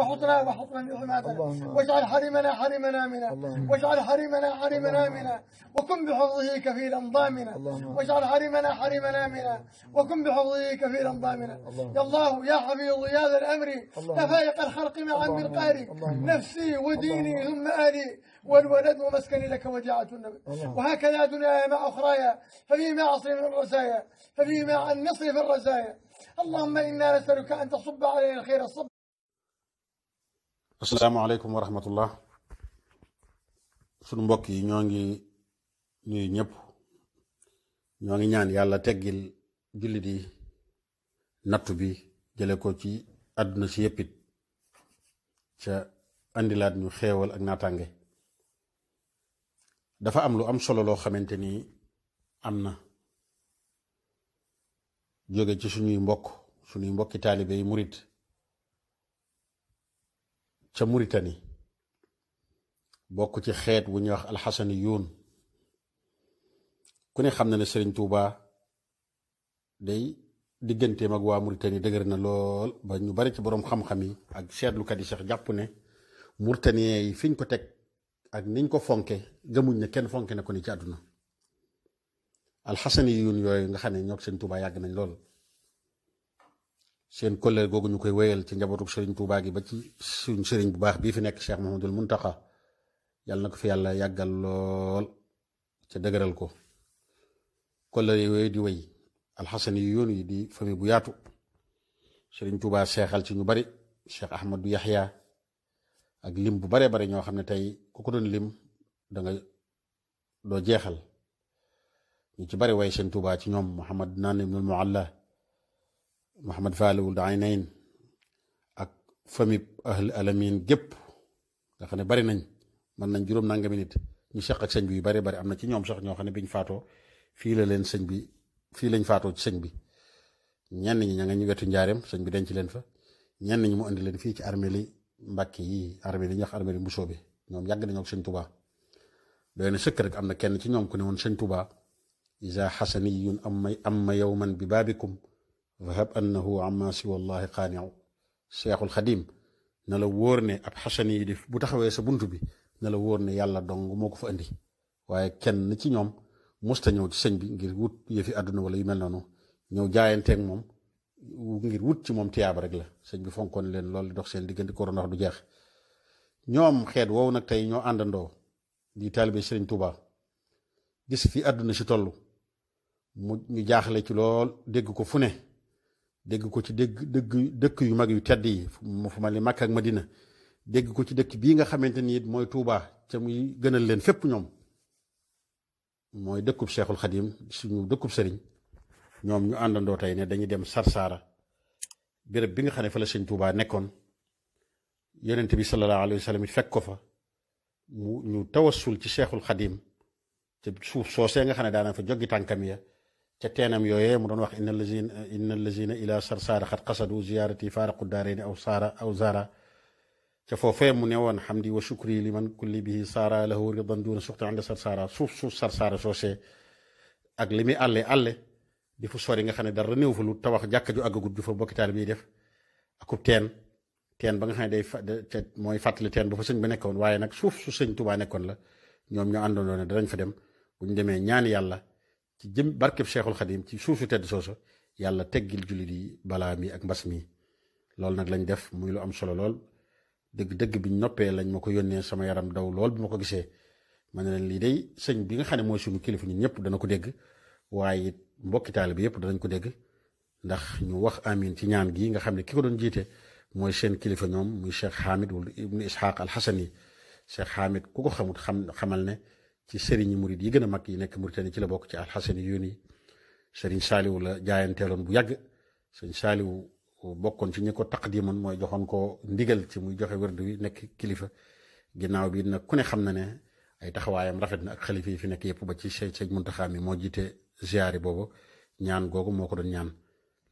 وحطنا وحطنا من حماتنا واجعل حرمنا حرمنا منا واجعل حرمنا حرمنا منا وكن بحفظه كفيلا ضامنا واجعل حرمنا حرمنا منا وكن بحفظه كفيلا ضامنا يا الله يا حفيظ يا ذا الامر يا فائق الخلق معا بالقاري نفسي وديني ثم اهلي والولد ومسكني لك وديعة النبي وهكذا دنيا مع أخرايا ففيما عصر من الرزايا ففيما عن نصري في الرزايا اللهم إنا نسألك أن تصب علينا الخير الصب السلام عليكم ورحمة الله سنو مبوكي نيوانجي نيو نيب نيوانجي نيان يالا تجل جلدي دي نتو بي جلي كوتي أدنا سيبت جا أندي لاد نيو خيوال أغنى تانجي دفا أملو أم صلو لو خمنتني أمنا جوغي جي سنو مبوك سنو ca Mauritanie bokk ci xeet wu ñuy wax alxasani yoon ku ne xam na ne Serigne Touba day digganteem ak waa Mauritanie dëgër na lool ba ñu bari ci boroom xam-xam yi ak seetlukat yi sax jàpp ne Mauritaniens yi fiñ ko teg ak niñ ko fonke gëmuñ ne kenn fonke na ko ni ci àdduna alxasani yoon yooyu nga xam ne ñoo ak Serigne Touba yàgg nañ lool. seen kolleel googu ñu koy wéyal ci njabootu sëriñ touba gi ba ci suñ sëriñ bu baax bii fi nekk Cheikh Mouhamadul Muntaxa yàlla na ko fi yàlla yàggal lool ca dëgëral ko kolleel wéy di wéy alxasan yi yoon yi di famille bu yaatu sëriñ touba seexal ci ñu bari Cheikh Ahmadou yahya ak lim bu bare bare ñoo xam ne tey ku ko doon lim da nga doo jeexal ñu ci bari way seen touba ci ñoom Mouhamad Naan ibnul muallah Mouhamed Fallou Ndaay Nayn ak famille ahl alamin gépp nga xam ne bari nañ mën nañ juróom nangami nit ñu seq ak sëñ bi yu bari bari am na ci ñoom sax ñoo xam ne biñ faatoo fii leen sëñ bi fii lañ faatoo ci sëñ bi ñenn ña nga ñu wetu sëñ bi denc leen fa ñenn ñi mu indi leen fii ci armée li Mbàkke yi armée li ñuy wax armée li ñoom yàgg nañoo ak sëñ Tuubaa doy na sëkk rek am na kenn ci ñoom ku ne woon sëñ Tuubaa isa xasani yun am may am ma yow man bi baabikum ذهب أنه عما سوى الله قانع الشيخ الخديم نلو ورني أب حسني يدف بتخوي سبنت بي نلو ورني يلا دون موقف أندي وهي كان نتي نيوم مستنيو تسنج بي نجير ووت يفي أدن ولا يمال نانو نيو جاين تنج موم ونجير ووت تي موم تي عبرقلا سنج بي فنكون لين لول دوخ سين ديجن دي كورونا دو جيخ نيوم خيد وو نك تاي نيو أندن دو دي تالبي سرين توبا جس في أدن شتولو مو نجاخ لكي لول ديجو كفونه dégg ko ci dégg dëgg dëkk yu mag yu tedd yi mu fu mel ni Makka ak Madina dégg ko ci dëkk bii nga xamante ni it mooy Touba ca muy gënal leen fépp ñoom mooy dëkkub Cheikhul Khadim suñu dëkkub sëriñ ñoom ñu àndandoo ne dañuy dem Sarsara béréb bi nga xam ne fa la sëñ Touba nekkoon yonent bi sallallahu alayhi wa sallam ko fa mu ñu tawasul ci Cheikhul Khadim te suuf soosee nga xam ne daana fa joggi tànkam ya ca teenam yooyee mu doon wax inna lazina inna lazina ila sarsaara xat xasadu ziyaarati faaraqu daareeni aw saara aw zaara ca foofee mu ne woon xam wa shukri li man kulli bihi saara lahu ridan duuna suxti ànd sarsaara suuf suuf sarsaara soosee ak li muy àlle àlle di fu sori nga xam ne dara néew fa lu tawax jàkka ju àggagut ju fa bokki taal bi def akub teen teen ba nga xam ne day ca mooy fàttali teen ba fa sëñ ba nekkoon waaye nag suuf su sëñ Tuubaa nekkoon la ñoom ñoo àndoon ne danañ fa dem bu ñu demee ñaan yàlla ci jëm barkeb cheikhul khadim ci suusu tedd soosa yàlla teggil julit yi balaa mi ak mbas mi loolu nag lañ def muy lu am solo lool dëgg-dëgg biñ noppee lañ ma ko yónnee sama yaram daw lool bi ma ko gisee ma ne leen lii day sëñ bi nga xam ne mooy suñu kilifa ñun ñëpp dana ko dégg waaye it mbokki yëpp danañ ko dégg ndax ñu wax amin ci ñaan gi nga xam ne ki ko doon jiite mooy seen kilifa ñoom muy cheikh Hamid wala ibnu Ishaq al Hasani cheikh Hamid ku ko xamut xam xamal ne ci sëriñi murid yi gën a mag yi nekk Mauritanie ci la bokk ci alxasan yuni sëriñ saaliwu la jaayanteeloon bu yàgg sëriñ saaliwu bokkoon ci ñi ko taqdimoon mooy joxoon ko ndigal ci muy joxe wërdu wi nekk kilifa ginnaaw bi nag ku ne xam na ne ay taxawaayam rafet na ak xalifa yi fi nekk yëpp ba ci sëñ sëñ Muntaxa mi moo jiite ziyaari boobu ñaan googu moo ko doon ñaan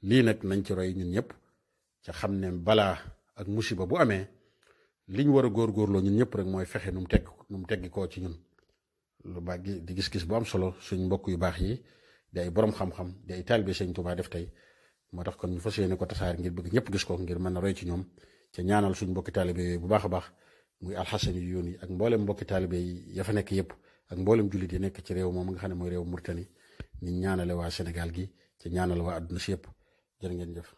lii nag nañ ci roy ñun ñëpp ca xam ne balaa ak musiba bu amee liñ war a góorgóorloo ñun ñëpp rek mooy fexe nu mu tegg nu mu teggi koo ci ñun lu ba di gis-gis bu am solo suñ mbokk yu baax yi di ay borom xam-xam di ay taalibe sëñ Tuubaa def tey moo tax kon ñu fas yéene ko tasaar ngir bëgg ñëpp gis ko ngir mën a roy ci ñoom ca ñaanal suñ mbokki taalibe yooyu bu baax a baax muy alxasan yu yoon yi ak mboolem mbokki taalibe yi ya fa nekk yëpp ak mboolem jullit yi nekk ci réew moom nga xam ne mooy réew Murtani ñu ñaanale waa Sénégal gi ca ñaanal waa àdduna si yëpp jërë ngeen jëf